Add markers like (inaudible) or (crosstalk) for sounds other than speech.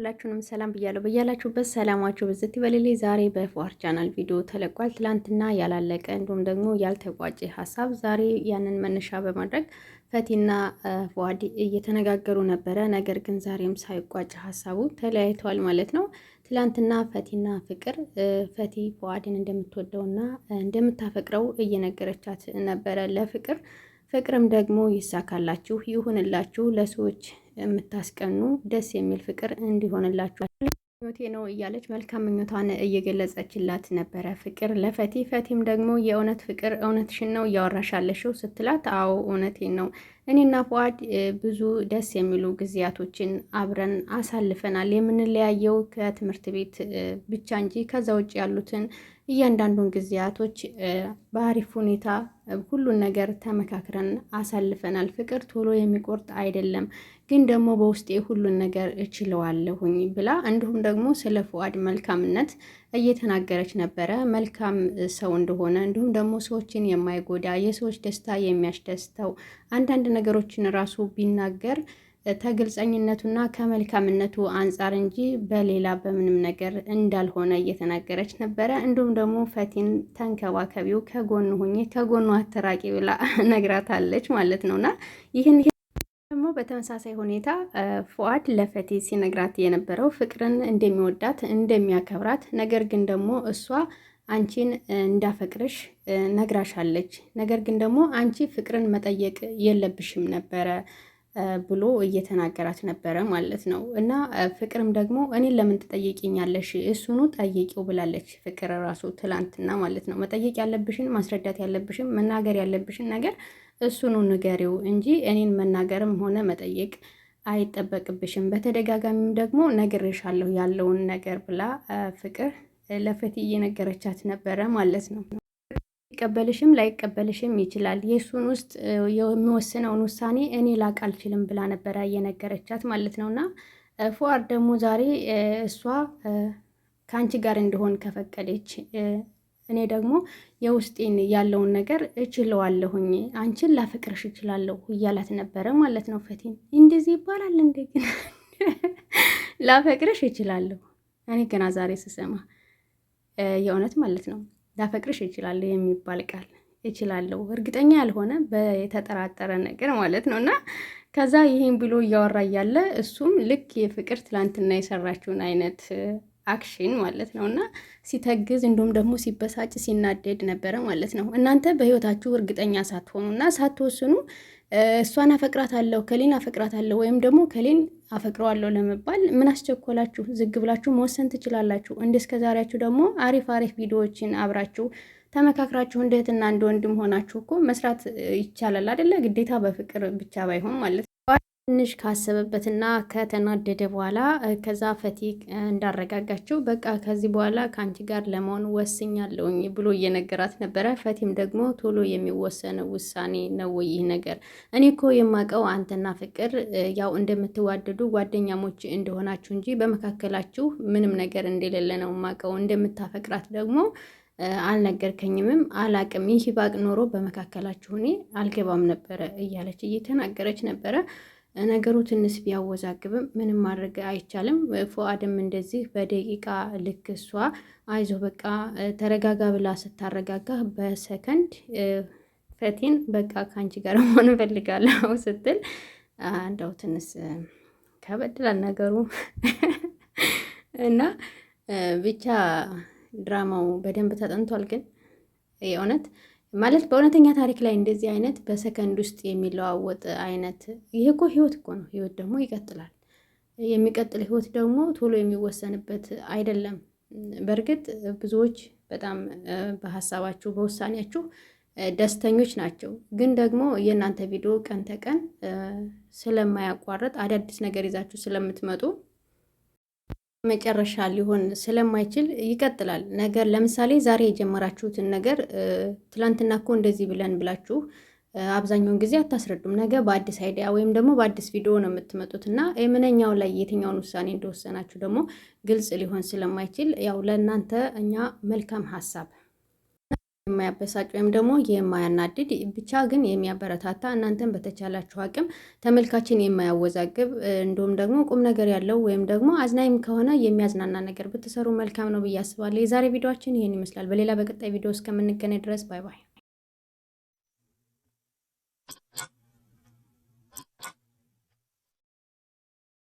ሁላችሁንም ሰላም ብያለሁ። በያላችሁበት ሰላማችሁ በዚህ በሌላ ዛሬ በፏር ቻናል ቪዲዮ ተለቋል። ትላንትና ያላለቀ እንዲሁም ደግሞ ያልተቋጨ ሀሳብ ዛሬ ያንን መነሻ በማድረግ ፈቲና ፏድ እየተነጋገሩ ነበረ። ነገር ግን ዛሬም ሳይቋጭ ሀሳቡ ተለያይተዋል ማለት ነው። ትላንትና ፈቲና ፍቅር ፈቲ ፏድን እንደምትወደውና እንደምታፈቅረው እየነገረቻት ነበረ ለፍቅር ፍቅርም ደግሞ ይሳካላችሁ ይሁንላችሁ። ለሰዎች የምታስቀኑ ደስ የሚል ፍቅር እንዲሆንላችሁ ምኞቴ ነው እያለች መልካም ምኞቷን እየገለጸችላት ነበረ ፍቅር ለፈቲ። ፈቲም ደግሞ የእውነት ፍቅር እውነትሽን ነው እያወራሻለሽው ስትላት፣ አዎ እውነቴን ነው እኔና ፏድ ብዙ ደስ የሚሉ ጊዜያቶችን አብረን አሳልፈናል። የምንለያየው ከትምህርት ቤት ብቻ እንጂ ከዛ ውጭ ያሉትን እያንዳንዱን ጊዜያቶች በአሪፍ ሁኔታ ሁሉን ነገር ተመካክረን አሳልፈናል። ፍቅር ቶሎ የሚቆርጥ አይደለም፣ ግን ደግሞ በውስጤ ሁሉን ነገር እችለዋለሁኝ ብላ እንዲሁም ደግሞ ስለ ፉአድ መልካምነት እየተናገረች ነበረ። መልካም ሰው እንደሆነ እንዲሁም ደግሞ ሰዎችን የማይጎዳ የሰዎች ደስታ የሚያስደስተው አንዳንድ ነገሮችን ራሱ ቢናገር ከግልጸኝነቱና ከመልካምነቱ አንጻር እንጂ በሌላ በምንም ነገር እንዳልሆነ እየተናገረች ነበረ። እንዲሁም ደግሞ ፈቲን ተንከባከቢው፣ ከጎኑ ሁኜ ከጎኑ አተራቂ ብላ (laughs) ነግራታለች ማለት ነውና ይህን ደግሞ በተመሳሳይ ሁኔታ ፉአድ ለፈቲ ሲነግራት የነበረው ፍቅርን እንደሚወዳት እንደሚያከብራት፣ ነገር ግን ደግሞ እሷ አንቺን እንዳፈቅርሽ ነግራሻለች። ነገር ግን ደግሞ አንቺ ፍቅርን መጠየቅ የለብሽም ነበረ ብሎ እየተናገራት ነበረ ማለት ነው። እና ፍቅርም ደግሞ እኔን ለምን ትጠይቂኛለሽ? እሱኑ ጠይቂው ብላለች ፍቅር ራሱ ትላንትና ማለት ነው። መጠየቅ ያለብሽን ማስረዳት ያለብሽን መናገር ያለብሽን ነገር እሱኑ ንገሪው እንጂ እኔን መናገርም ሆነ መጠየቅ አይጠበቅብሽም። በተደጋጋሚም ደግሞ ነግሬሻለሁ ያለውን ነገር ብላ ፍቅር ለፈቲ እየነገረቻት ነበረ ማለት ነው። ሊቀበልሽም ላይቀበልሽም ይችላል። የእሱን ውስጥ የሚወስነውን ውሳኔ እኔ ላቅ አልችልም ብላ ነበረ እየነገረቻት ማለት ነው። እና ፉአድ ደግሞ ዛሬ እሷ ከአንቺ ጋር እንደሆን ከፈቀደች እኔ ደግሞ የውስጤን ያለውን ነገር እችለዋለሁኝ አንቺን ላፈቅርሽ እችላለሁ እያላት ነበረ ማለት ነው። ፈቲን እንደዚህ ይባላል እንደገና ላፈቅርሽ እችላለሁ እኔ ገና ዛሬ ስሰማ የእውነት ማለት ነው። ላፈቅርሽ እችላለሁ የሚባል ቃል እችላለሁ እርግጠኛ ያልሆነ የተጠራጠረ ነገር ማለት ነው። እና ከዛ ይህን ብሎ እያወራ እያለ እሱም ልክ የፍቅር ትላንትና የሰራችውን አይነት አክሽን ማለት ነው እና ሲተግዝ እንዲሁም ደግሞ ሲበሳጭ ሲናደድ ነበረ ማለት ነው። እናንተ በህይወታችሁ እርግጠኛ ሳትሆኑ እና ሳትወስኑ እሷን አፈቅራታለሁ ከሌን አፈቅራታለሁ ወይም ደግሞ ከሌን አፈቅረዋለሁ ለመባል ምን አስቸኮላችሁ? ዝግ ብላችሁ መወሰን ትችላላችሁ። እንደ እስከዛሬያችሁ ደግሞ አሪፍ አሪፍ ቪዲዮዎችን አብራችሁ ተመካክራችሁ እንደ እህትና እንደ ወንድም ሆናችሁ እኮ መስራት ይቻላል አደለ? ግዴታ በፍቅር ብቻ ባይሆን ማለት ነው። ትንሽ ካሰበበትና ከተናደደ በኋላ ከዛ ፈቲ እንዳረጋጋችው በቃ ከዚህ በኋላ ከአንቺ ጋር ለመሆን ወስኛለውኝ ብሎ እየነገራት ነበረ። ፈቲም ደግሞ ቶሎ የሚወሰን ውሳኔ ነው ይህ ነገር። እኔ እኮ የማውቀው አንተና ፍቅር ያው እንደምትዋደዱ ጓደኛሞች እንደሆናችሁ እንጂ በመካከላችሁ ምንም ነገር እንደሌለ ነው የማውቀው። እንደምታፈቅራት ደግሞ አልነገርከኝምም አላቅም። ይህ ባቅ ኖሮ በመካከላችሁ እኔ አልገባም ነበረ እያለች እየተናገረች ነበረ። ነገሩ ትንሽ ቢያወዛግብም ምንም ማድረግ አይቻልም። ፎአድም እንደዚህ በደቂቃ ልክ እሷ አይዞ በቃ ተረጋጋ ብላ ስታረጋጋ በሰከንድ ፈቲን በቃ ከአንቺ ጋር መሆን እፈልጋለሁ ስትል እንደው ትንሽ ከበድላል ነገሩ እና ብቻ ድራማው በደንብ ተጠንቷል ግን የእውነት ማለት በእውነተኛ ታሪክ ላይ እንደዚህ አይነት በሰከንድ ውስጥ የሚለዋወጥ አይነት ይሄ እኮ ህይወት እኮ ነው። ህይወት ደግሞ ይቀጥላል። የሚቀጥል ህይወት ደግሞ ቶሎ የሚወሰንበት አይደለም። በእርግጥ ብዙዎች በጣም በሀሳባችሁ በውሳኔያችሁ ደስተኞች ናቸው። ግን ደግሞ የእናንተ ቪዲዮ ቀን ተቀን ስለማያቋርጥ አዳዲስ ነገር ይዛችሁ ስለምትመጡ መጨረሻ ሊሆን ስለማይችል ይቀጥላል። ነገር ለምሳሌ ዛሬ የጀመራችሁትን ነገር ትላንትና እኮ እንደዚህ ብለን ብላችሁ አብዛኛውን ጊዜ አታስረዱም። ነገ በአዲስ አይዲያ ወይም ደግሞ በአዲስ ቪዲዮ ነው የምትመጡት እና የምንኛው ላይ የትኛውን ውሳኔ እንደወሰናችሁ ደግሞ ግልጽ ሊሆን ስለማይችል ያው ለእናንተ እኛ መልካም ሀሳብ የማያበሳጭ ወይም ደግሞ የማያናድድ ብቻ ግን የሚያበረታታ እናንተን በተቻላችሁ አቅም ተመልካችን የማያወዛግብ እንዲሁም ደግሞ ቁም ነገር ያለው ወይም ደግሞ አዝናኝም ከሆነ የሚያዝናና ነገር ብትሰሩ መልካም ነው ብዬ አስባለሁ። የዛሬ ቪዲዮችን ይህን ይመስላል። በሌላ በቀጣይ ቪዲዮ እስከምንገናኝ ድረስ ባይ ባይ።